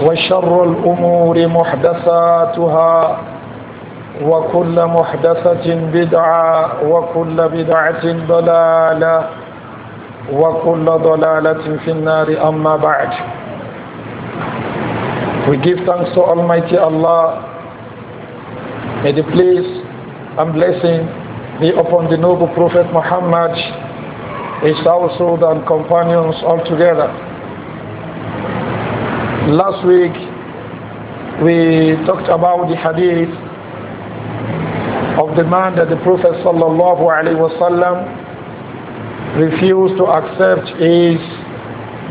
وشر الأمور محدثاتها وكل محدثة بدعة وكل بدعة ضلالة وكل ضلالة في النار أما بعد We give thanks to Almighty Allah May the peace and blessing be upon the noble Prophet Muhammad, his household and companions altogether. Last week we talked about the hadith of the man that the Prophet sallallahu alaihi wasallam refused to accept his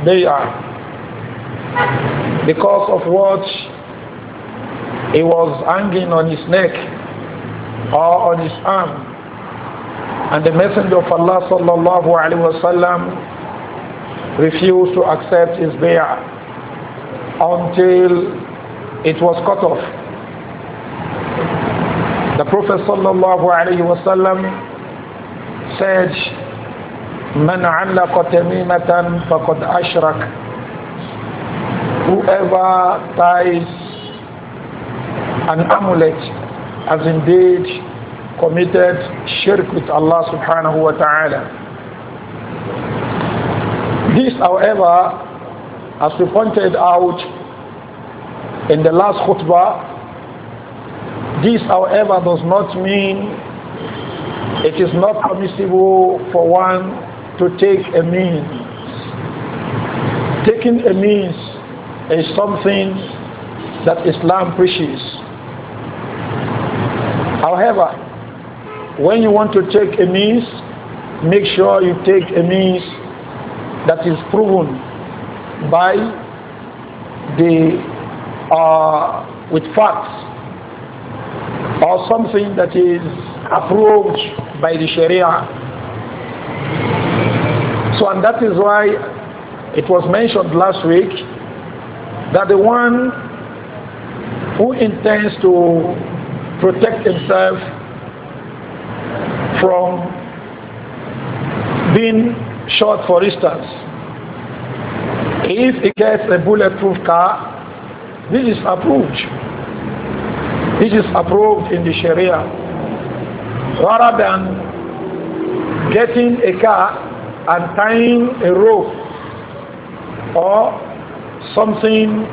bay'ah because of what he was hanging on his neck or on his arm and the messenger of Allah sallallahu alaihi wasallam refused to accept his bay'ah until it was cut off. The Prophet sallallahu alaihi wasallam said, "Man allaqa tamimatan faqad ashrak." Whoever ties an amulet has indeed committed shirk with Allah subhanahu wa ta'ala. This, however, as we pointed out, in the last khutbah. This, however, does not mean it is not permissible for one to take a means. Taking a means is something that Islam preaches. However, when you want to take a means, make sure you take a means that is proven by the with facts or something that is approved by the Sharia. So and that is why it was mentioned last week that the one who intends to protect himself from being shot for instance if he gets a bulletproof car this is approved. This is approved in the Sharia. Rather than getting a car and tying a rope or something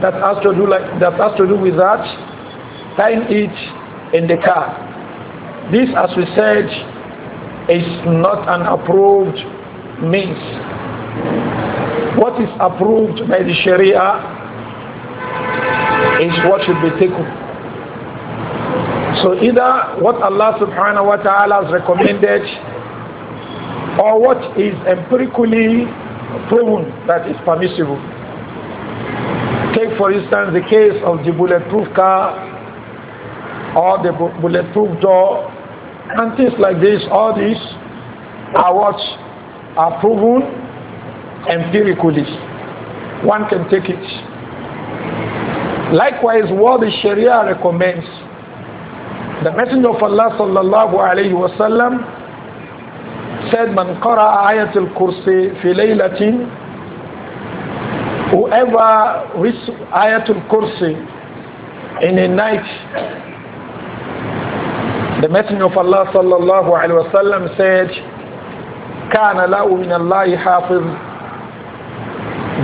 that has to do like that has to do with that, tying it in the car. This, as we said, is not an approved means. What is approved by the Sharia is what should be taken. So either what Allah subhanahu wa ta'ala has recommended or what is empirically proven that is permissible. Take for instance the case of the bulletproof car or the bulletproof door and things like this. All these are what are proven empirically. One can take it Likewise, what the Sharia recommends. The Messenger of Allah sallallahu alayhi wa sallam said, Man qara'a al kursi fi laylatin Whoever reads al kursi in a night, the Messenger of Allah sallallahu alayhi wa sallam said, "Kana lau min Allahi hafiz."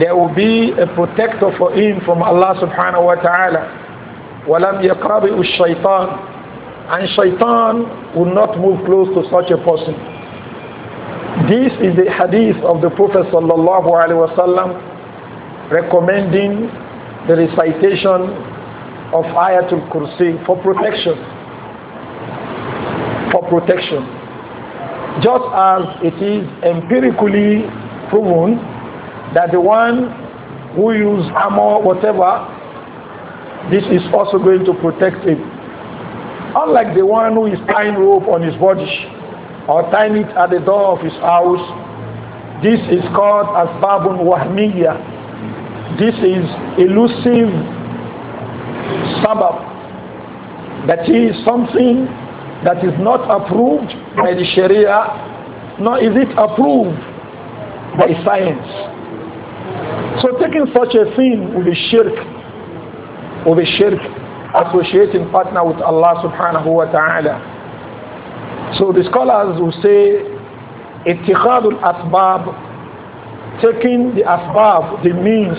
there will be a protector for him from Allah subhanahu wa ta'ala. وَلَمْ يَقْرَبِئُ الشَّيْطَانِ And shaitan will not move close to such a person. This is the hadith of the Prophet sallallahu alaihi wasallam recommending the recitation of Ayatul Kursi for protection. For protection. Just as it is empirically proven that the one who use armor, whatever, this is also going to protect him. Unlike the one who is tying rope on his body or tying it at the door of his house, this is called as babun wahmiya. This is elusive sabab. That is something that is not approved by the Sharia, nor is it approved by science. So taking such a thing will be shirk, will be shirk, associating partner with Allah subhanahu wa ta'ala. So the scholars will say, اتخاذ الأسباب, taking the asbab, the means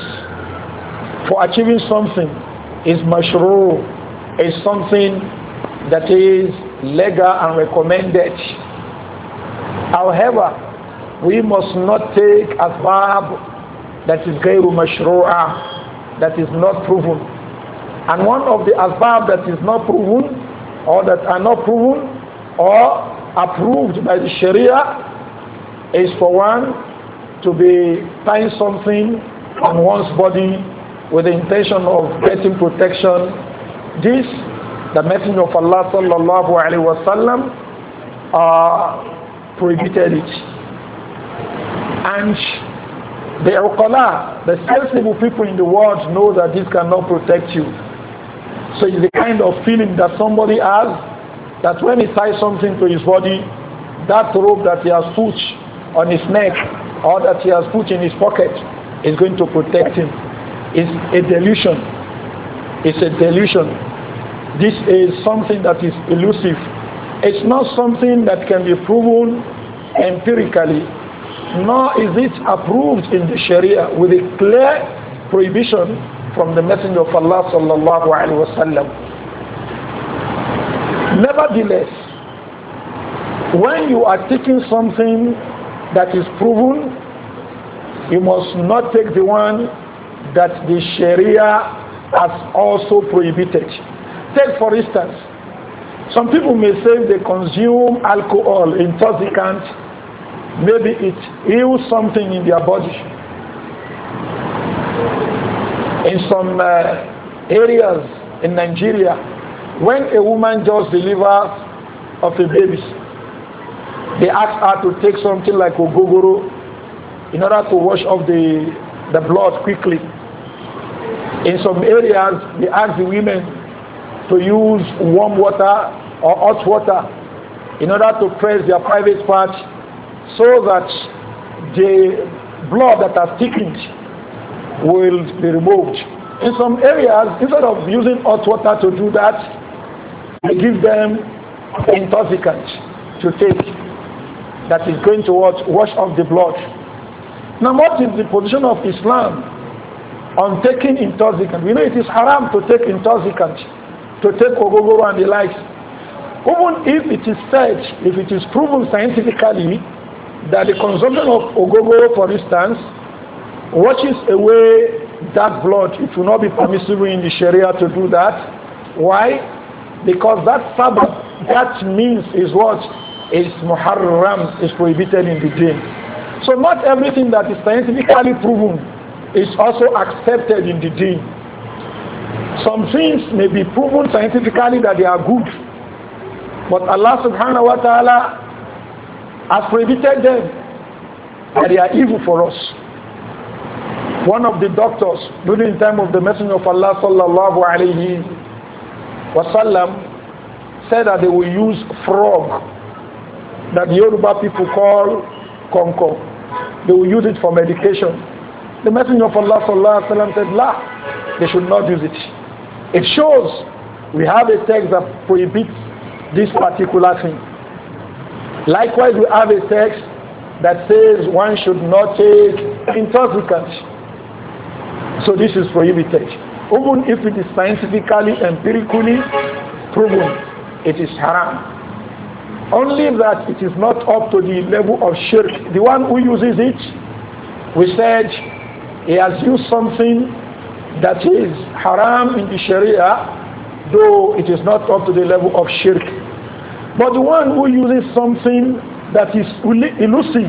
for achieving something is mashru, is something that is legal and recommended. However, we must not take asbab that is غير مشروعة that is not proven and one of the asbab that is not proven or that are not proven or approved by the sharia is for one to be tying something on one's body with the intention of getting protection this the messenger of Allah sallallahu alaihi wasallam uh, prohibited it and the uqala, the sensible people in the world know that this cannot protect you. So it's the kind of feeling that somebody has that when he ties something to his body, that rope that he has put on his neck or that he has put in his pocket is going to protect him. It's a delusion. It's a delusion. This is something that is elusive. It's not something that can be proven empirically nor is it approved in the Sharia with a clear prohibition from the Messenger of Allah sallallahu alaihi wasallam. Nevertheless, when you are taking something that is proven, you must not take the one that the Sharia has also prohibited. Take for instance, some people may say they consume alcohol, intoxicants, maybe it heals something in their body. In some uh, areas in Nigeria, when a woman just delivers of a baby, they ask her to take something like ogogoro in order to wash off the, the blood quickly. In some areas, they ask the women to use warm water or hot water in order to press their private parts so that the blood that has thickened will be removed. In some areas, instead of using hot water to do that, we give them intoxicant to take that is going to wash, off the blood. Now, what is the position of Islam on taking intoxicant? We know it is haram to take intoxicant, to take ogogoro and the likes. Even if it is said, if it is proven scientifically that the consumption of ogogo, for instance, washes away that blood. It will not be permissible in the Sharia to do that. Why? Because that Sabbath, that means is what is Muharram, is prohibited in the deen. So not everything that is scientifically proven is also accepted in the deen. Some things may be proven scientifically that they are good. But Allah subhanahu wa ta'ala has prohibited them and they are evil for us. One of the doctors during the time of the Messenger of Allah sallallahu alayhi wasallam said that they will use frog that the Yoruba people call konko. They will use it for medication. The Messenger of Allah sallallahu alayhi wasallam said, La, they should not use it. It shows we have a text that prohibits this particular thing. Likewise, we have a text that says one should not take intoxicants. So this is prohibited. Even if it is scientifically, empirically proven, it is haram. Only that it is not up to the level of shirk. The one who uses it, we said he has used something that is haram in the Sharia, though it is not up to the level of shirk. But the one who uses something that is elusive,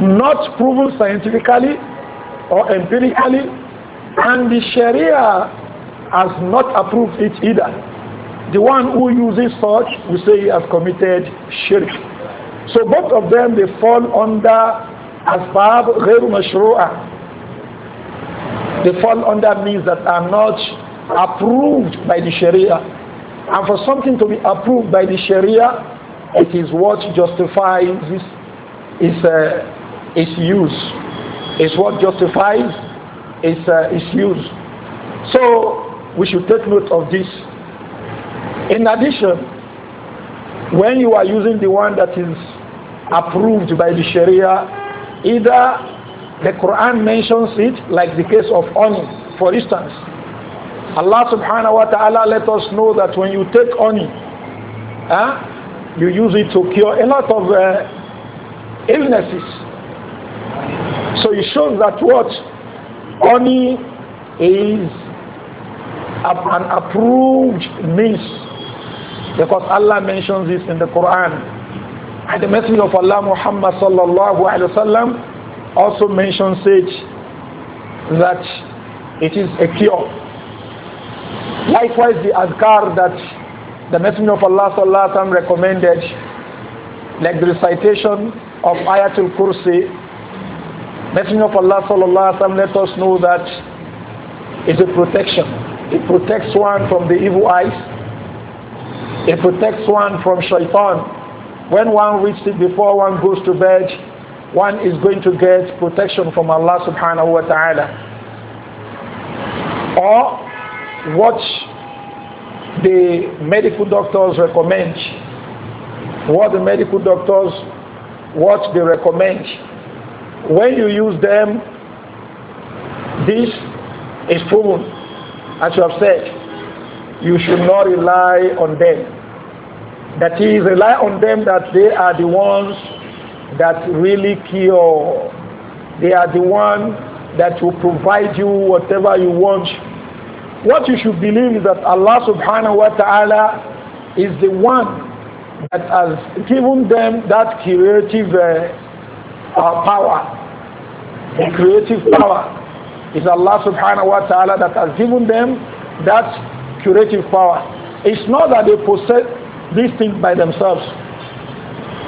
not proven scientifically or empirically, and the Sharia has not approved it either. The one who uses such, we say he has committed shirk. So both of them, they fall under asbab غير مشروعة. They fall under means that are not approved by the Sharia. And for something to be approved by the Sharia, it is what justifies its, its, uh, its use. It's what justifies its, uh, its use. So we should take note of this. In addition, when you are using the one that is approved by the Sharia, either the Quran mentions it, like the case of honey, for instance, Allah subhanahu wa ta'ala let us know that when you take honey, huh, you use it to cure a lot of uh, illnesses. So it shows that what? Honey is an approved means because Allah mentions this in the Quran. And the Messenger of Allah Muhammad sallallahu alayhi wasallam also mentions it that it is a cure. Likewise, the azkar that the Messenger of Allah sallallahu alaihi recommended, like the recitation of Ayatul Kursi, Messenger of Allah sallallahu alaihi let us know that it's a protection. It protects one from the evil eyes. It protects one from shaitan. When one reads it before one goes to bed, one is going to get protection from Allah subhanahu wa ta'ala. Or what the medical doctors recommend, what the medical doctors, what they recommend. When you use them, this is proven. As you have said, you should not rely on them. That is, rely on them that they are the ones that really cure. They are the one that will provide you whatever you want what you should believe is that Allah subhanahu wa ta'ala is the one that has given them that creative uh, uh, power. The creative power is Allah subhanahu wa ta'ala that has given them that creative power. It's not that they possess these things by themselves.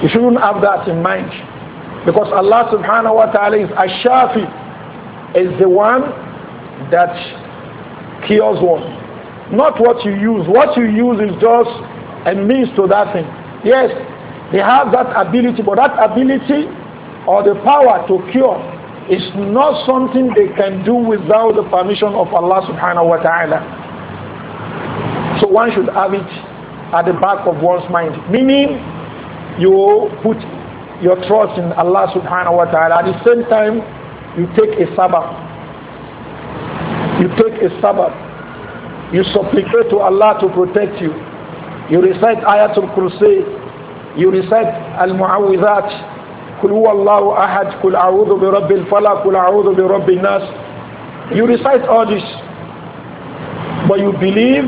You shouldn't have that in mind. Because Allah subhanahu wa ta'ala is Ashafi, is the one that cures one. Not what you use. What you use is just a means to that thing. Yes, they have that ability, but that ability or the power to cure is not something they can do without the permission of Allah subhanahu wa ta'ala. So one should have it at the back of one's mind. Meaning you put your trust in Allah subhanahu wa ta'ala. At the same time, you take a sabbath you take a Sabbath. You supplicate to Allah to protect you. You recite Ayatul Kursi. You recite Al-Mu'awwidhat. قل هو الله أحد قل أعوذ برب الفلق قل أعوذ برب You recite all this. But you believe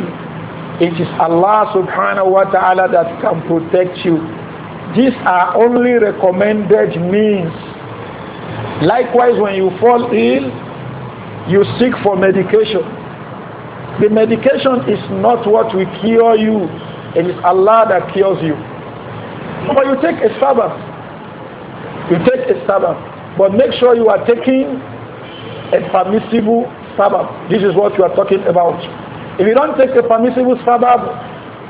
it is Allah subhanahu wa ta'ala that can protect you. These are only recommended means. Likewise, when you fall ill, you seek for medication. The medication is not what will cure you. It is Allah that cures you. But you take a Sabbath. You take a Sabbath. But make sure you are taking a permissible Sabbath. This is what you are talking about. If you don't take a permissible Sabbath,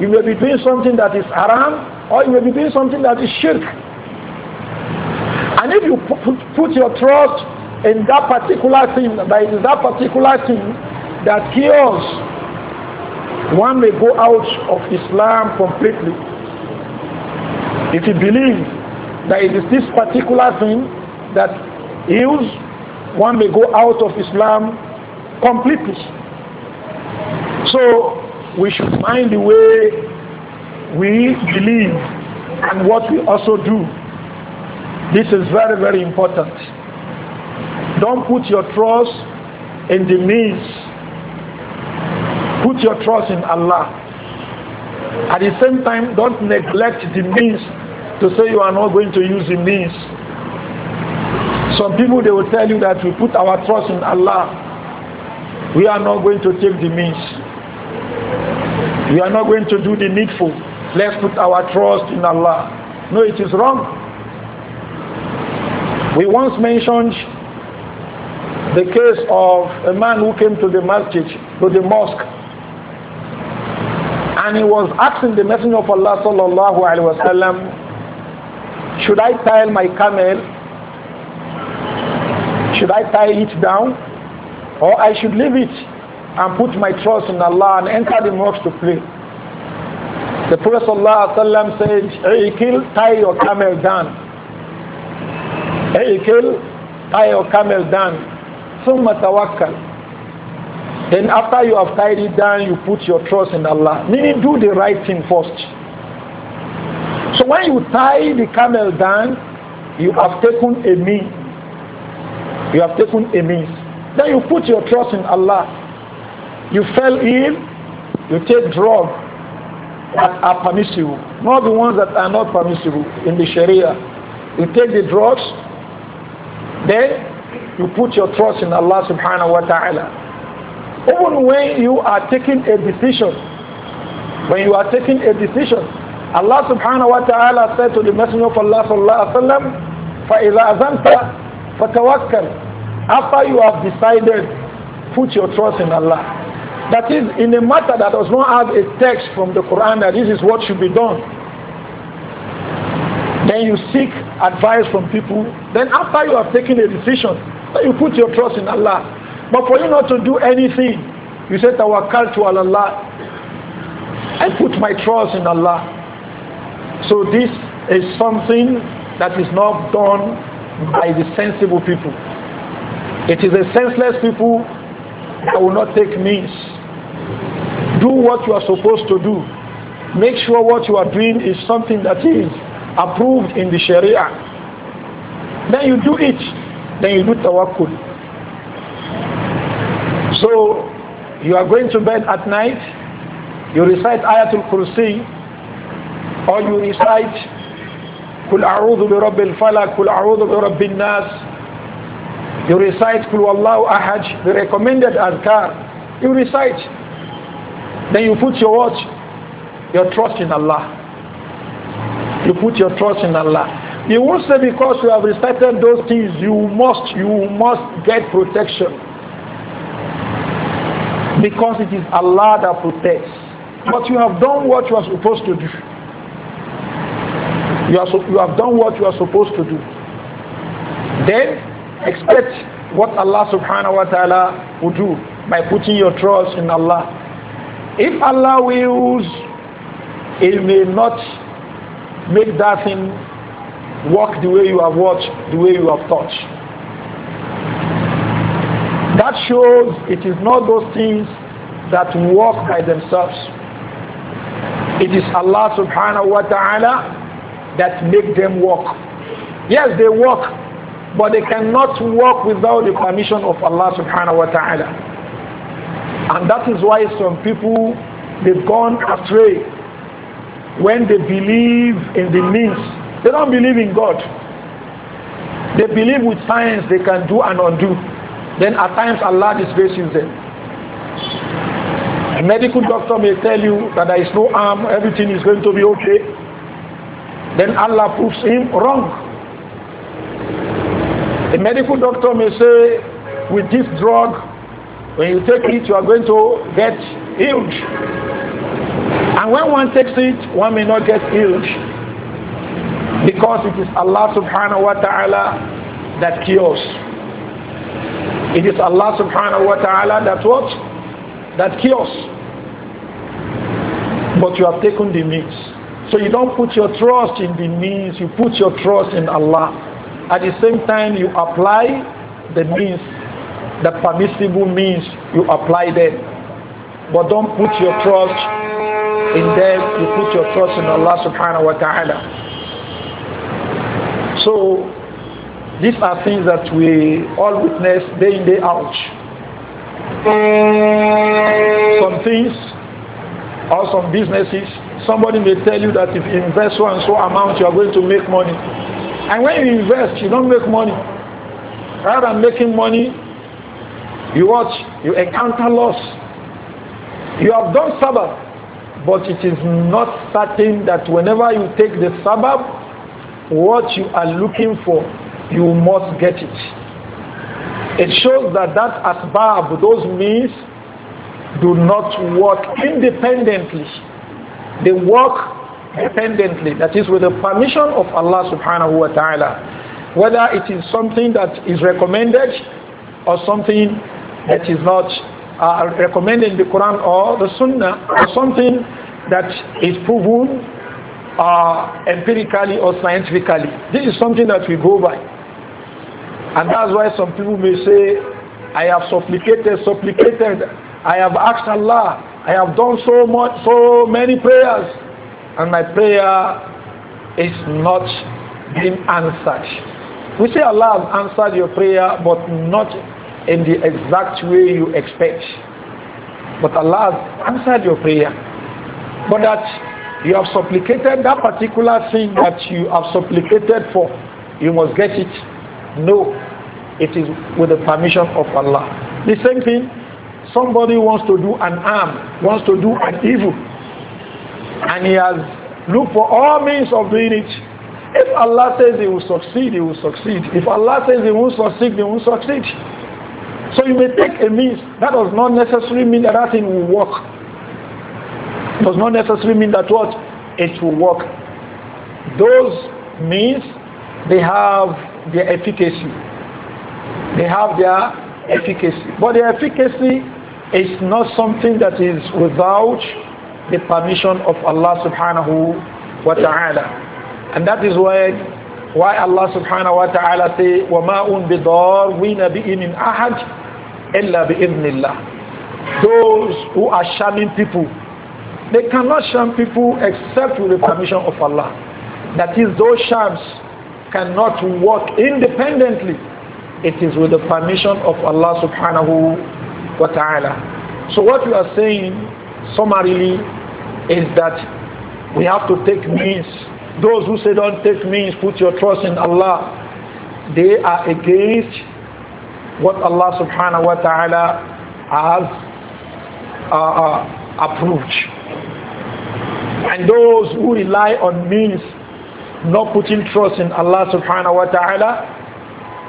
you may be doing something that is haram or you may be doing something that is shirk. And if you put, put your trust in that particular thing, by that particular thing that kills, one may go out of Islam completely. If he believes that it is this particular thing that heals, one may go out of Islam completely. So we should find the way we believe and what we also do. This is very, very important. Don't put your trust in the means. Put your trust in Allah. At the same time, don't neglect the means to say you are not going to use the means. Some people, they will tell you that we put our trust in Allah. We are not going to take the means. We are not going to do the needful. Let's put our trust in Allah. No, it is wrong. We once mentioned the case of a man who came to the masjid, to the mosque, and he was asking the Messenger of Allah sallallahu alaihi wasallam, should I tie my camel? Should I tie it down? Or I should leave it and put my trust in Allah and enter the mosque to pray. The Prophet ﷺ said, hey, kill, tie your camel down. Hey, kill, tie your camel down. Then after you have tied it down, you put your trust in Allah. Meaning do the right thing first. So when you tie the camel down, you have taken a means. You have taken a means. Then you put your trust in Allah. You fell ill, you take drugs that are permissible, not the ones that are not permissible in the Sharia. You take the drugs, then you put your trust in Allah subhanahu wa ta'ala. Even when you are taking a decision, when you are taking a decision, Allah subhanahu wa ta'ala said to the Messenger of Allah sallallahu alayhi wa sallam, فَإِذَا أَذَنْتَ فَتَوَكَّلْ After you have decided, put your trust in Allah. That is, in a matter that does not have a text from the Quran that this is what should be done, then you seek advice from people. Then after you have taken a decision, you put your trust in Allah. But for you not to do anything, you say tawakkal to Allah. I put my trust in Allah. So this is something that is not done by the sensible people. It is the senseless people that will not take means. Do what you are supposed to do. Make sure what you are doing is something that is approved in the Sharia. Then you do it then you do tawakkul. So you are going to bed at night, you recite Ayatul Kursi, or you recite Kul A'udhu bi Rabbil Falak, Kul A'udhu bi Nas, you recite Kul Wallahu Ahaj, the recommended Azkar, you recite. Then you put your watch, your trust in Allah. You put your trust in Allah. You will say because you have respected those things, you must, you must get protection. Because it is Allah that protects. But you have done what you are supposed to do. You, are, you have done what you are supposed to do. Then expect what Allah subhanahu wa ta'ala will do by putting your trust in Allah. If Allah wills, it may not make that thing Walk the way you have watched, the way you have touched. That shows it is not those things that walk by themselves. It is Allah subhanahu wa ta'ala that make them walk. Yes, they walk, but they cannot walk without the permission of Allah subhanahu wa ta'ala. And that is why some people, they've gone astray when they believe in the means they don't believe in God. They believe with science they can do and undo. Then at times Allah disgraces them. A medical doctor may tell you that there is no harm, everything is going to be okay. Then Allah proves him wrong. A medical doctor may say, with this drug, when you take it, you are going to get healed. And when one takes it, one may not get healed because it is Allah subhanahu wa ta'ala that cures. It is Allah subhanahu wa ta'ala that what? That cures. But you have taken the means. So you don't put your trust in the means, you put your trust in Allah. At the same time, you apply the means, the permissible means, you apply them. But don't put your trust in them, you put your trust in Allah subhanahu wa ta'ala. So these are things that we all witness day in, day out. Some things or some businesses, somebody may tell you that if you invest so and so amount, you are going to make money. And when you invest, you don't make money. Rather than making money, you watch, you encounter loss. You have done sabbath, but it is not certain that whenever you take the sabbath, what you are looking for, you must get it. It shows that that asbab, those means, do not work independently. They work dependently, that is with the permission of Allah subhanahu wa ta'ala. Whether it is something that is recommended or something that is not uh, recommended in the Quran or the Sunnah or something that is proven uh, empirically or scientifically. This is something that we go by. And that's why some people may say, I have supplicated, supplicated, I have asked Allah, I have done so much, so many prayers, and my prayer is not being answered. We say Allah has answered your prayer, but not in the exact way you expect. But Allah has answered your prayer. But that you have supplicated that particular thing that you have supplicated for. You must get it. No, it is with the permission of Allah. The same thing, somebody wants to do an harm, wants to do an evil, and he has looked for all means of doing it. If Allah says he will succeed, he will succeed. If Allah says he won't succeed, he won't succeed. So you may take a means. That does not necessarily mean that that thing will work does not necessarily mean that what it will work. Those means they have their efficacy. They have their efficacy. But their efficacy is not something that is without the permission of Allah subhanahu wa ta'ala. And that is why why Allah subhanahu wa ta'ala say وَمَا أُنْ بِضَارْوِينَ بِإِ مِنْ أَحَدٍ إِلَّا بِإِذْنِ اللَّهِ Those who are shaming people they cannot sham people except with the permission of Allah. That is, those shams cannot work independently. It is with the permission of Allah subhanahu wa ta'ala. So what we are saying summarily is that we have to take means. Those who say don't take means, put your trust in Allah, they are against what Allah subhanahu wa ta'ala has uh, uh approved. And those who rely on means, not putting trust in Allah subhanahu wa ta'ala,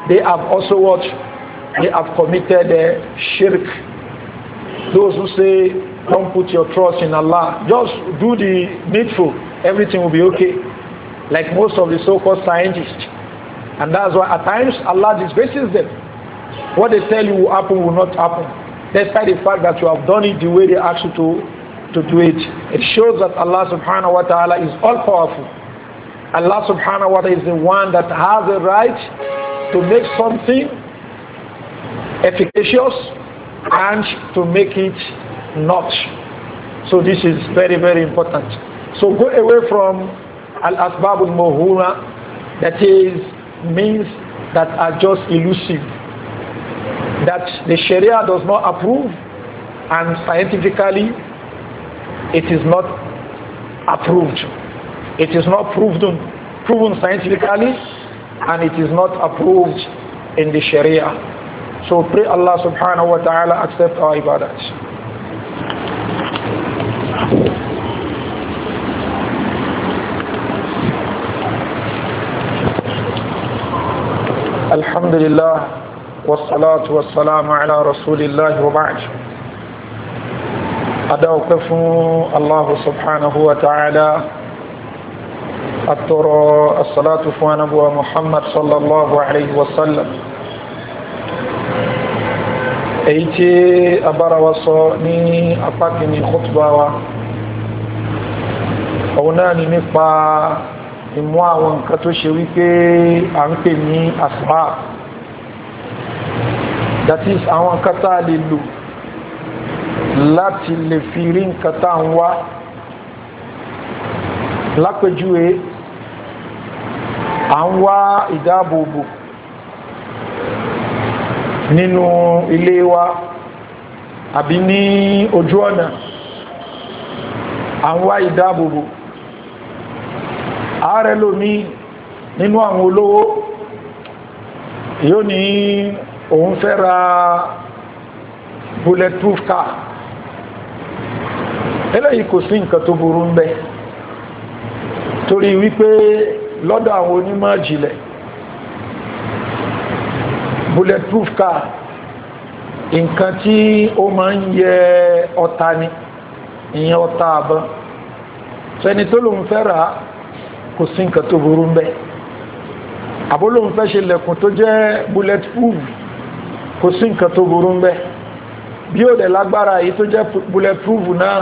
they have also what? They have committed uh, shirk. Those who say, don't put your trust in Allah, just do the needful, everything will be okay. Like most of the so-called scientists. And that's why at times Allah disgraces them. What they tell you will happen will not happen. Despite the fact that you have done it the way they asked you to to do it. It shows that Allah subhanahu wa ta'ala is all powerful. Allah subhanahu wa ta'ala is the one that has the right to make something efficacious and to make it not. So this is very, very important. So go away from al-asbab al-muhuna, that is means that are just elusive, that the Sharia does not approve and scientifically it is not approved. It is not proven, proven scientifically and it is not approved in the Sharia. So pray Allah subhanahu wa ta'ala accept our ibadahs. الحمد لله والصلاة والسلام على رسول الله وبعد adáwọ̀pẹ́ fún Allahu subhanahu wa ta'ala àtọrọ asàlátù fún anábúwa Muhammad sallallahu alayhi wa sallam èyí tí a bára wa sọ ní apákin ní khutba wa òun náà ni nípa ìmú àwọn nǹkan tó ṣe wípé à ń pè ní asma that is àwọn nǹkan tá a lè lò láti lè fi rí nǹkan tá ń wá lápẹjúwe à ń wá ìdáàbòbò nínú ilé wa àbí ní ojú ọ̀nà à ń wá ìdáàbòbò ààrẹ lómi nínú àwọn olówó yóò ní òun fẹ́ ra bulletproof car eléyìí kò sí nǹkan tó burú ń bẹ torí wípé lọ́dọ̀ àwọn onímọ̀ jìnlẹ̀ bulletproof car nǹkan tí ó máa ń yẹ ọta ni ìyẹn ọta àbọn sẹni tó lòun fẹ́ rà á kò sí nǹkan tó burú ń bẹ àbó lòun fẹ́ ṣe lẹ̀kùn tó jẹ́ bulletproof kò sí nǹkan tó burú ń bẹ bí ó dẹ̀ lágbára èyí tó jẹ́ bulletproof náà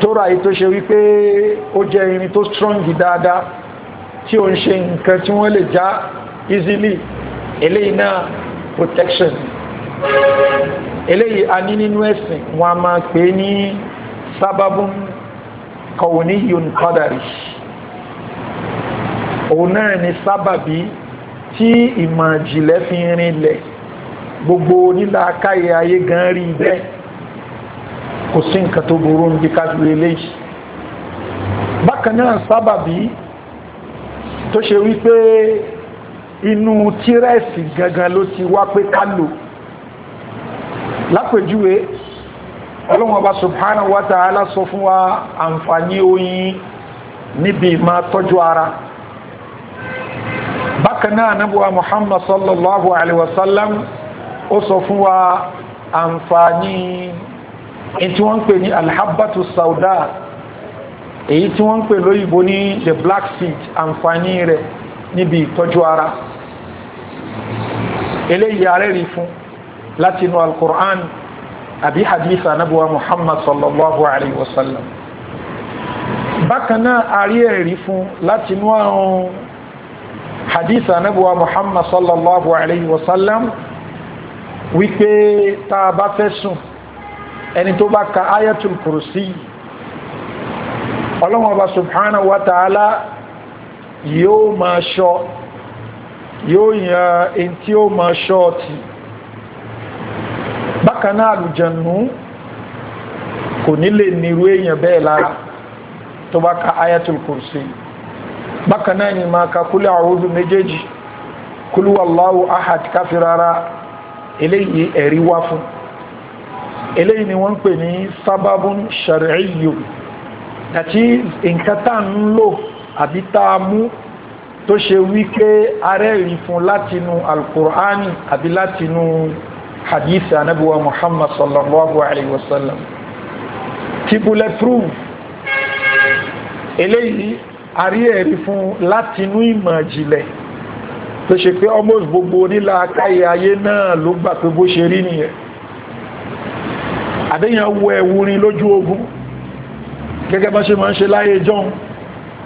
tó ra èyí tó ṣe wípé ó jẹ́ irin tó strong dáadáa tí ó ń ṣe nǹkan tí wọ́n lè já easily eléyìí náà protection eléyìí a ní nínú ẹ̀sìn wọn a máa pè é ní sábàbùn kauniyun qadari òun náà ni sábàbí tí ìmọ̀ ìjìnlẹ̀ fi rinlẹ̀ gbogbo nílà káyé ayé gan rí bẹ́ẹ̀ kò sí nǹkan tó burú ń bí kájú eléyìí bákan náà sábàbí tó ṣe wípé inú tírẹ́ẹ̀sì gangan ló ti wá pé ká lò lápèjúwe ọlọ́wọ́n bá subhanahu wa ta'ala sọ fún wa àǹfààní oyin níbi ìmá tọ́jú ara bákan náà nábúwa muhammad sallallahu alaihi wasallam ó sọ fún wa àǹfààní èyí tí wọ́n ń pè ní alhabatu sauda èyí tí wọ́n ń pè lóyìnbó ní the black seed àǹfààní rẹ̀ níbi ìtọ́jú ara eléyìí ààrẹ rí fún láti inú alkur'an àbí hadith anabuwa muhammad sallallahu alaihi wasallam bákan náà ààrẹ rí fún láti inú àwọn hadith anabuwa muhammad sallallahu alaihi wasallam wípé tá fẹ́ sùn ẹni tó bá ka ayatul kursi ọlọ́wọ́n ọba subhanahu wa ta'ala yóò máa ṣọ́ yóò yàn ẹni tí ó máa ṣọ́ ti bákaná àlùjànnú kò ní lè nírú èèyàn bẹ́ẹ̀ lára tó bá ka ayatul kursi bákaná ni máa ka kúlẹ̀ àwúdù méjèèjì kúlúwàláwù ahad káfí rárá eléyìí ẹ̀rí wá fún eléyìí ni wọ́n ń pè ní sábábún ṣàríyù àti nǹkan tá ń lò àbí tá a mú tó ṣe wípé arẹ́rìí fún látinú alkùránì àbí látinú hadith anabuwa muhammad sallallahu alaihi wasallam ti bulletproof eléyìí arí ẹ̀rí fún látinú ìmọ̀ ìjìnlẹ̀ tó ṣe pé almost gbogbo onílà káyé ayé náà ló gbà pé bó ṣe rí nìyẹn àbíyàn wọ ẹ̀wúrin lójú ogun gẹ́gẹ́ bá ṣe máa ń ṣe láyé john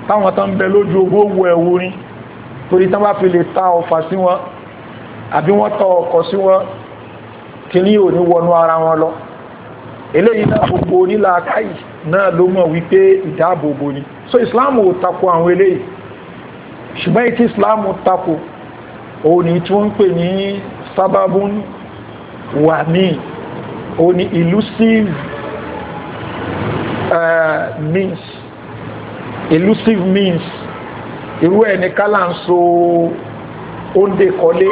táwọn tán bẹ lójú ogun wọ ẹ̀wúrin torí tán bá fi lè ta ọfà sí wọn àbí wọ́n tọ ọkọ̀ sí wọn kí ní ò ní wọnú ara wọn lọ eléyìí náà gbogbo onílà káyì náà ló mọ̀ wípé ìdáàbòbò ni so islam ò tako àwọn eléyìí ṣùgbọ́n ètí islam tako òun ni tí wọ́n ń pè ní sábàbùn wà míì ó ní elusive uh, means elusive means irú ẹni kálá ń so oúnjẹ kọlé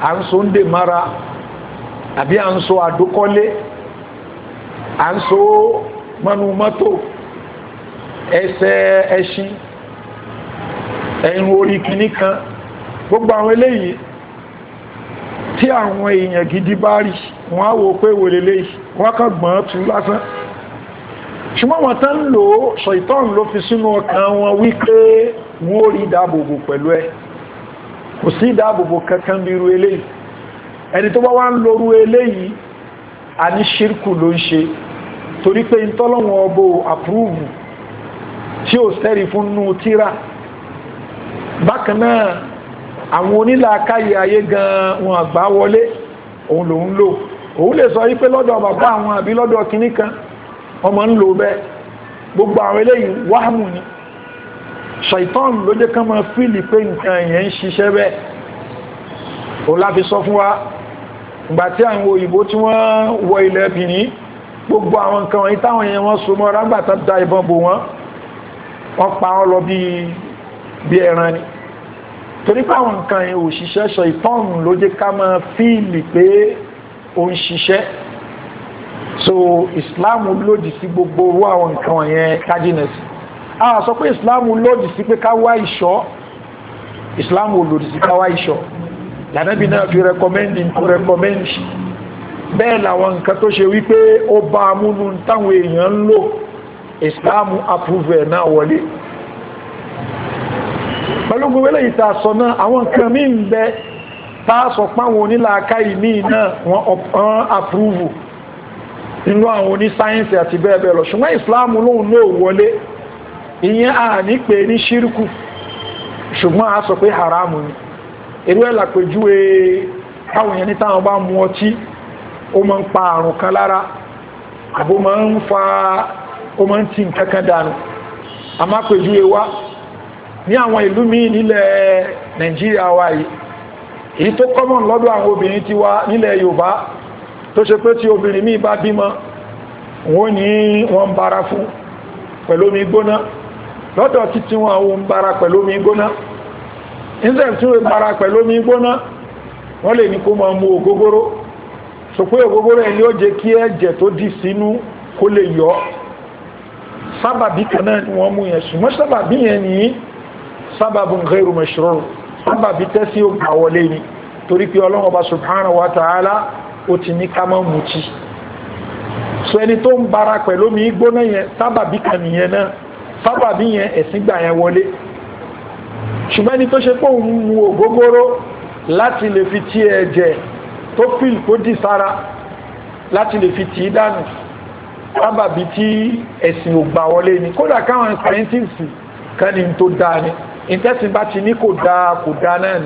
à ń so oúnjẹ mara àbí à ń so àdókọlé à ń so mọ́nú mọ́tò ẹsẹ̀ ẹṣin ẹ̀yìn orí kìíní kan gbogbo àwọn eléyìí tí àwọn èèyàn gidi bá rí sí wọ́n á wo pé wòlè léyìí wọ́n kàn gbọ́n tú lásán ṣùgbọ́n wọn tán lò ó ṣọ̀ìtọ́n ló fi sínú ọkàn wọn wípé wọ́n ó rí ìdáàbòbò pẹ̀lú ẹ kò sí ìdáàbòbò kankan bí irú eléyìí ẹni tó bá wá ń lorú eléyìí a ní ṣírkù ló ń ṣe torí pé ìtọ́lọ́wọ̀n ọbọ̀ àpúrúvù tí ó sẹ́rì fún nú tíra bákan náà àwọn onílàákáyé ayé gan wọn àgbá wọlé òun lòun lò òun lè sọ wípé lọ́dọ̀ bàbá àwọn àbí lọ́dọ̀ kìíní kan ọmọ ń lò bẹ́ẹ̀ gbogbo àwọn eléyìí wáhàmù ni ṣàìtàn ló jẹ́ kán máa fíìlì pé nǹkan èèyàn ń ṣiṣẹ́ bẹ́ẹ̀ o láfi sọ fún wa ìgbà àwọn nǹkan wọ̀nyí táwọn èèyàn ló jẹ́ ká máa fíìlì pé ó ń ṣiṣẹ́ so islam lòdì sí gbogbo owó àwọn nǹkan wọ̀nyẹn kájínẹ̀sì a sọ pé islam lòdì sí pé káwá ìṣọ́ islam lòdì sí káwá ìṣọ́ lànàbí náà fi rẹkọmẹ́ndì tó rẹkọmẹ́ndì bẹ́ẹ̀ làwọn nǹkan tó ṣe wípé ó bá amúnú táwọn èèyàn ń lò islam approve ẹ̀ náà wọlé pẹ̀lú gbogbo eléyìí tá sọ náà àwọn nǹkan míì ń bẹ́ẹ̀ táàsọ̀ páwọn onílàáká ìní náà wọ́n ọ̀pán àpúrúvù nínú àwọn onísáyẹ́nsì àti bẹ́ẹ̀bẹ́ẹ̀ lọ ṣùgbọ́n ìsìláàmù lóhun náà wọlé ìyẹn a ní pé ní ṣírkù ṣùgbọ́n a sọ pé haramu ni irú ẹ̀là pèjúwe táwọn èèyàn ní táwọn bá mu ọtí ó máa ń pa àrùn kan lára àbó máa ń fa ó máa ń tì nǹkan kan dànù a máa pèjúwe wá ní àwọn ìlú míì nílẹ̀ Nàìjíríà wa èyí tó common lọ́dọ̀ àwọn obìnrin ti wá nílẹ̀ Yorùbá tó ṣe pé tí obìnrin míì bá bímọ wọ́n ní wọ́n bára fún pẹ̀lú omi gbóná lọ́dọ̀ tí tí wọ́n àwọn bára pẹ̀lú omi gbóná instead tí wọ́n bára pẹ̀lú omi gbóná wọ́n lè ní kó máa mu ògógóró so pé ògógóró ẹni ó jẹ kí ẹ̀jẹ̀ tó dì sínú kó lè yọ sábàbí kan náà ni wọ́n mú yẹn ṣùgbọ́n sábàbí yẹn ni sábàbí ghairu mashrur sábàbí tẹ́sí ó gbà wọlé ni torí pé ọlọ́run ọba wa ta'ala ó ti ní ká mọ́ mutí so ẹni tó ń bara pẹ̀lú omi gbóná yẹn sábàbí kan nìyẹn náà sábàbí yẹn ẹ̀sìn gbà yẹn wọlé ṣùgbọ́n ẹni tó ṣe pé òun mu ògógóró láti lè fi tí ẹ̀jẹ̀ tó fìl kó dì sára láti lè fi tí dànù sábàbí tí ẹ̀sìn ò wọlé ni kódà káwọn scientists kan ní tó dáa ni ìtẹ́sìn bá ti ní kò dáa kò dáa náà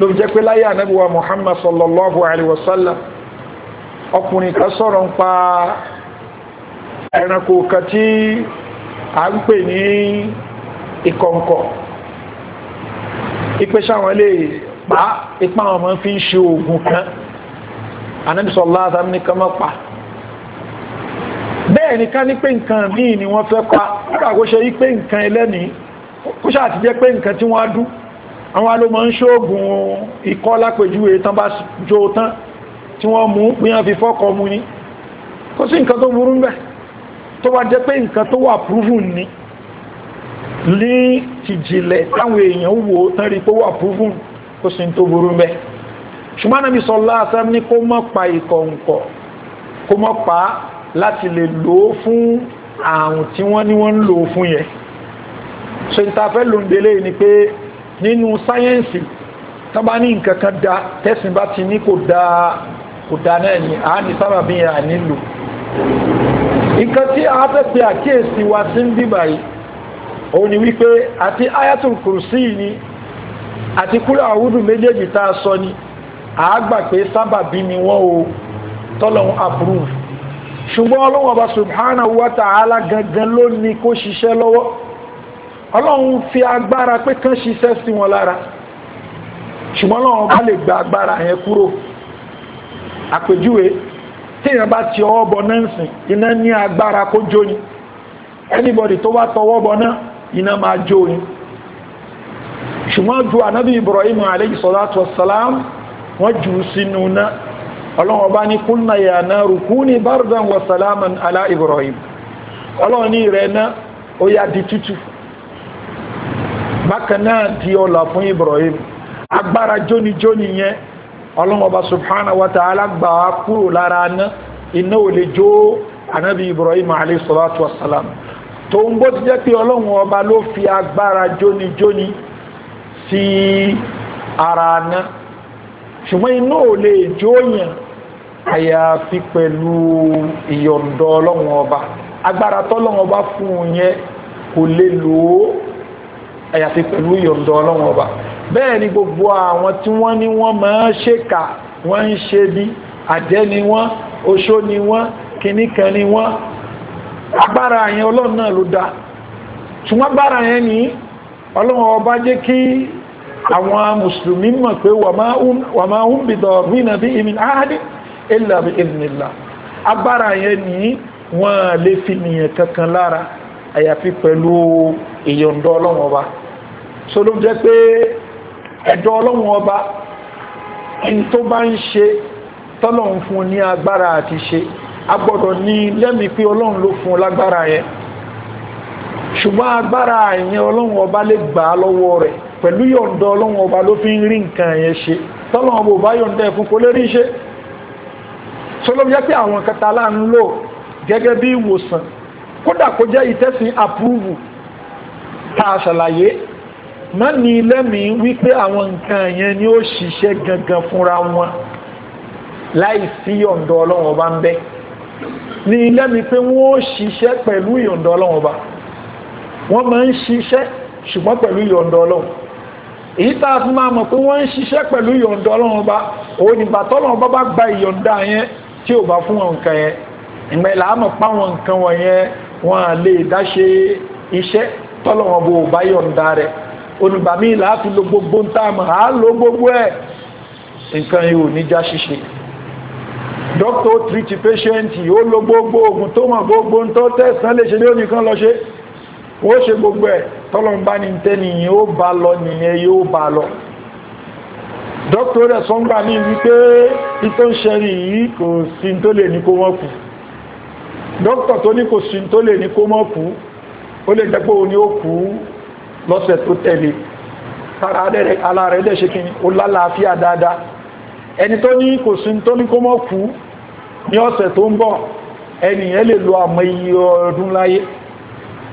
ló jẹ́ pé láyé ànábíwá Muhammad sallallahu alaihi wasallam ọkùnrin kan sọ̀rọ̀ ń pa ẹranko kan tí a ń pè ní ìkọ̀ǹkọ̀ ipe sáwọn lè pa ipa àwọn ọmọ fi ń ṣe oògùn kan ànábì sallallahu alaihi wasallam ní kan mọ́ pa bẹ́ẹ̀ ni ká ní pé nǹkan míì ni wọ́n fẹ́ pa nígbàgbọ́ ṣe wípé nǹkan ẹlẹ́nìí kó ṣáà ti jẹ́ pé nǹkan tí wọ́n á dú àwọn alómọ̀ ń ṣóògùn ikọ́ lápèjúwe tán bá jó tán tí wọ́n mú pínyàn fi fọ́kọ mú ní kó sí nǹkan tó burú ń bẹ̀ tó wá jẹ́ pé nǹkan tó wà proven ní ní tìjìlẹ̀ táwọn èèyàn wò tán rí pé wà proven kó sí tó burú ń bẹ̀ ṣùgbọ́n Ànábì sallallahu alaihi so ìtafẹ́ lòndélé ni pé nínú sáyẹ́ǹsì tọ́bá ní nkankan da tẹ́sìn bá ti ní kò dáa kò dáa náà ni a ní sábà bí i ànílò nǹkan tí a fẹ́ pe àkíyèsí wa sí ń bíbà yìí òun ni wípé àti ayatul kùrùsí ni àti kúrò àwúdù méjèèjì tá a sọ ni àágbà pé sábà bí ni wọ́n o tọ́lọ̀un approve ṣùgbọ́n ọlọ́wọ́n ọba subhanahu wa ta'ala gangan ló ní kó ṣiṣẹ́ lọ́wọ́ ọlọ́run fi agbára pé kán ṣiṣẹ́ sí wọn lára ṣùgbọ́n ọlọ́run bá lè gba agbára yẹn kúrò àpèjúwe tíyàn bá ti ọwọ́ bọ náà sìn iná ní agbára kó jó ni anybody tó wá tọwọ́ bọ náà iná máa jó ni ṣùgbọ́n ju anábì Ibrahim alayhi salatu wassalam wọ́n jù sínú náà ọlọ́run bá ní kúnnà yà naru kuni bardan wa salaman ala Ibrahim ọlọ́run ní ìrẹ́ náà ó yá di tútù bákan náà di ọlá fún Ibrahim agbára jónijóni yẹn ọlọ́mọba subhanahu wa ta'ala gbà á kúrò lára aná iná ò lè jó anábi Ibrahim alayhi salatu wassalam tó ń bó ti jẹ́ pé ọlọ́run ọba ló fi agbára jónijóni sí ara aná ṣùgbọ́n iná ò lè jó yàn àyàfi pẹ̀lú ìyọ̀ǹdọ̀ ọlọ́run agbára tọ́lọ́run fún un yẹn kò lè lò ó àyàfi pẹ̀lú ìyọ̀ǹdọ̀ ọlọ́run ọba bẹ́ẹ̀ ni gbogbo àwọn tí wọ́n ní wọ́n máa ṣèkà wọ́n ń ṣe bí àjẹ́ ni wọ́n oṣó ni wọ́n kìníkan ni wọ́n agbára yẹn ọlọ́run náà ló dá ṣùgbọ́n agbára yẹn ni ọlọ́run ọba jẹ́ kí àwọn mùsùlùmí mọ̀ pé wà máa ń bìtọ̀ rínà bí imin ahadi illa bi idhnillah agbára yẹn ni wọ́n lè fi nìyẹn kankan lára àyàfi pẹ̀lú ìyọ̀ǹdọ̀ ọlọ́run ọba so ló jẹ́ pé ẹ̀dọ́ ọlọ́run ọba in tó bá ń ṣe tọ́lọ̀un fún ní agbára àti ṣe a gbọ́dọ̀ ní lẹ́mìí pé ọlọ́run ló fún lágbára yẹn ṣùgbọ́n agbára àyẹn ọlọ́run ọba lè gbà á lọ́wọ́ rẹ̀ pẹ̀lú yọ̀ǹda ọlọ́run ọba ló fi ń rí nǹkan yẹn ṣe tọ́lọ̀un ọba ò ẹ̀fún kò lè rí ṣe so ló jẹ́ pé àwọn kẹta láàánú lò gẹ́gẹ́ bí ìwòsàn kódà kó jẹ́ ìtẹ́sìn àpúrúvù tá a ṣàlàyé má ní lẹ́mìí wípé àwọn nǹkan yẹn ni ó ṣiṣẹ́ gangan fúnra wọn láì sí yọ̀ǹdọ̀ ọlọ́run ọba ń bẹ ní lẹ́mìí pé wọ́n ó ṣiṣẹ́ pẹ̀lú yọ̀ǹdọ̀ ọlọ́run ọba wọ́n máa ń ṣiṣẹ́ ṣùgbọ́n pẹ̀lú yọ̀ǹdọ̀ ọlọ́run èyí tá a fi máa mọ̀ pé wọ́n ń ṣiṣẹ́ pẹ̀lú yọ̀ǹdọ̀ ọlọ́run ọba òun ìgbà tọ́lọ́run ọba bá gba ìyọ̀ǹda yẹn tí ò bá fún wọn nǹkan yẹn ìgbà ìlàámọ̀ páwọn nǹkan wọ̀nyẹn wọn à lè dá ṣe iṣẹ́ tọ́lọ́run ọba bá yọ̀ǹda rẹ̀ onígbà míì láti lo gbogbo ń tààmà á lo gbogbo ẹ̀ nǹkan ihò níjá ṣíṣe dókítà ó tìrìtì pẹ́ṣẹ́ntì ó lo gbogbo oògùn tó mọ̀ gbogbo ń tọ́ tẹ̀sán lè ṣe lónìí kan lọ ṣe ó ṣe gbogbo ẹ̀ tọ́lọ̀mbá ní tẹ́niyàn ó bá lọ nìyẹn yóò bá lọ dókítà rẹ̀ sọ́ngbà ní wípé ìtọ́ ṣẹ́rí yìí kò sí tó lè ní kó mọ́ kú dókítà tó ní kò sí tó lè ní kó mọ́ kú ó lè dẹ́pọ̀ ó ní ó kú lọ́sẹ̀ tó tẹ̀lé ara rẹ̀ dẹ̀ ṣe kí ó lálàáfíà dáadáa ẹni tó ní kò sí tó ní kó mọ́ kú ní ọ̀sẹ̀ tó ń bọ̀ ẹniyàn lè lo àmọ́ iye ọdún láyé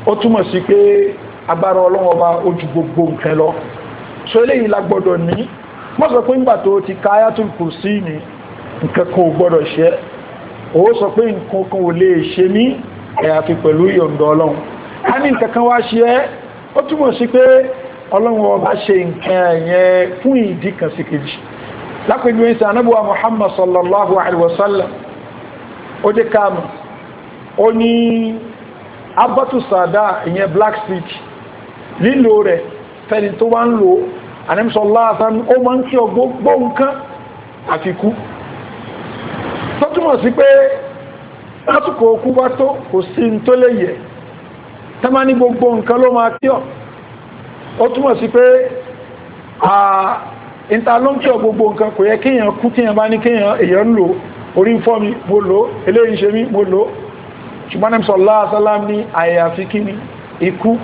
ó túmọ̀ sí pé agbára ọlọ́wọ́ bá ojú gbogbo nǹkan lọ a ní nǹkan wá ṣe ẹ́ ó túmọ̀ sí pé ọlọ́run ọba ṣe nǹkan ẹ̀yẹn fún ìdí kan sí kejì lápẹjú anábúwa muhammad sallallahu alaihi wasallam ó dé káàmù ó ní abatu sada ìyẹn black stitch lílò rẹ̀ fẹ́ni tó wá ń lò anẹ́mùsọ̀lá ó máa ń kí ọgbọ́gbọ́ nǹkan àfikú tó túmọ̀ sí pé látùkọ̀ okú wá tó kò sí tó lè yẹ̀ tá má ní gbogbo nǹkan ló máa kí ọ ó túmọ̀ sí pé ìta ló ń kí ọ gbogbo nǹkan kò yẹ kíyàn kú kíyàn bá ní kíyàn èyàn lò orí ń fọ́ mi mo lò eléyìí ṣe mi mo lò ṣùgbọ́n ni ikú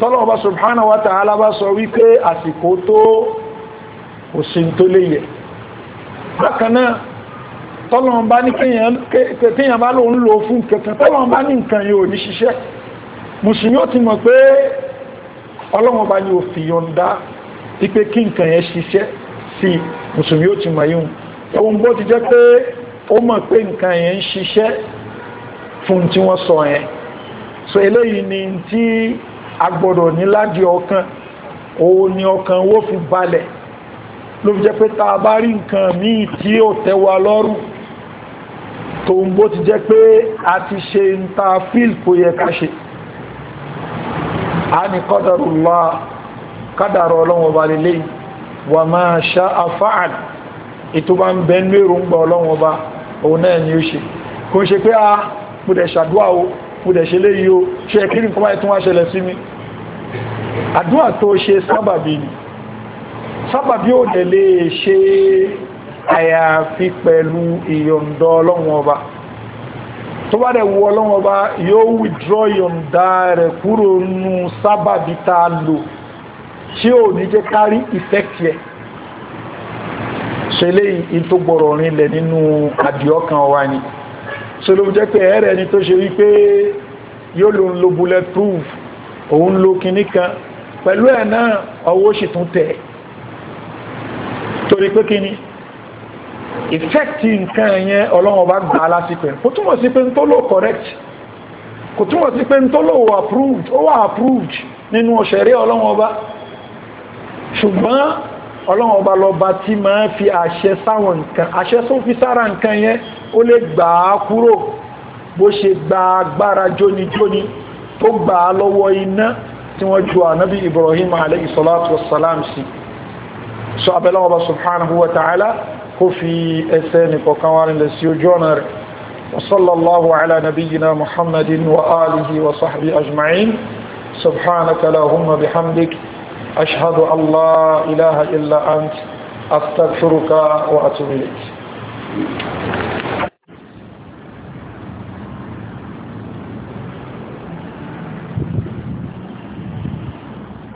tọ́lọ̀ ọba subhanahu wa ta'ala bá sọ wípé àsìkò tó òsìn tó lè yẹ bákanáà tọ́lọ̀ ọba ní kíyàn bá lò ń lò fún kẹta tọ́lọ̀ ọba ní nǹkan yóò ní ṣiṣẹ́ mùsùlùmí ó ti mọ̀ pé ọlọ́wọ́n bá ní òfin yọ̀ǹda wípé kí nǹkan yẹn ṣiṣẹ́ sí mùsùlùmí ó ti mọ̀ yíhun ẹwọ́n bó ti jẹ́ pé ó mọ̀ pé nǹkan yẹn ṣiṣẹ́ fún tí wọ́n sọ yẹn so eléyìí ni tí a gbọ́dọ̀ ní láti ọkàn òun ni ọkàn wó fi balẹ̀ ló fi jẹ́ pé ta bá rí nǹkan míì tí ó tẹ́wa lọ́rùn tó bó ti jẹ́ pé a ti ṣe ń ta fíl kó yẹ ká ṣe a ní qadarullah kádàrọ̀ ọlọ́run ọba lélẹ́ wà máa ṣá afáàl ètò bá ń bẹ ní èròǹgbà ọlọ́run ọba òun náà ni ó ṣe kò ń ṣe pé a ah, mo dẹ̀ ṣàdúà o mo dẹ̀ ṣe léyìí o ṣe tó bá dẹ̀ wù ọlọ́run ọba yóò withdraw yọ̀ǹda rẹ̀ kúrò nù sábàbí tá a lò tí ò ní jẹ́ kárí ìfẹ́kì ẹ̀ ṣe léyìn tó gbọ́rọ̀ rinlẹ̀ nínú àdìọ́kan wa ni ṣe ló jẹ́ pé ẹ̀rẹ̀ ni tó ṣe wípé yóò ló ń lo bullet proof òun lo kìíní kan pẹ̀lú ẹ̀ náà ọwọ́ sì tún tẹ̀ torí pé kìíní effect nǹkan yẹn ọlọ́run ọba gbà lásìkò kò túmọ̀ sí pé ń tó lò correct kò túmọ̀ sí pé ń tó lò wà approved ó wà approved nínú ọ̀ṣẹ̀rí ọlọ́run ọba ṣùgbọ́n ọlọ́run ọba lọba tí máa fi àṣẹ sáwọn nǹkan àṣẹ sófin sára nǹkan yẹn ó lè gbà á kúrò bó ṣe gba agbára jónijóni tó gbà á lọ́wọ́ iná tí wọ́n ju ànábì Ibrahim alayhi salatu wassalam sí so abẹ́lọ́wọ́ subhanahu wa ta'ala كفي اثني بوكوان لسيوجونر وصلى الله على نبينا محمد وآله وصحبه أجمعين سبحانك اللهم بحمدك أشهد أن لا إله إلا أنت أستغفرك وأتوب إليك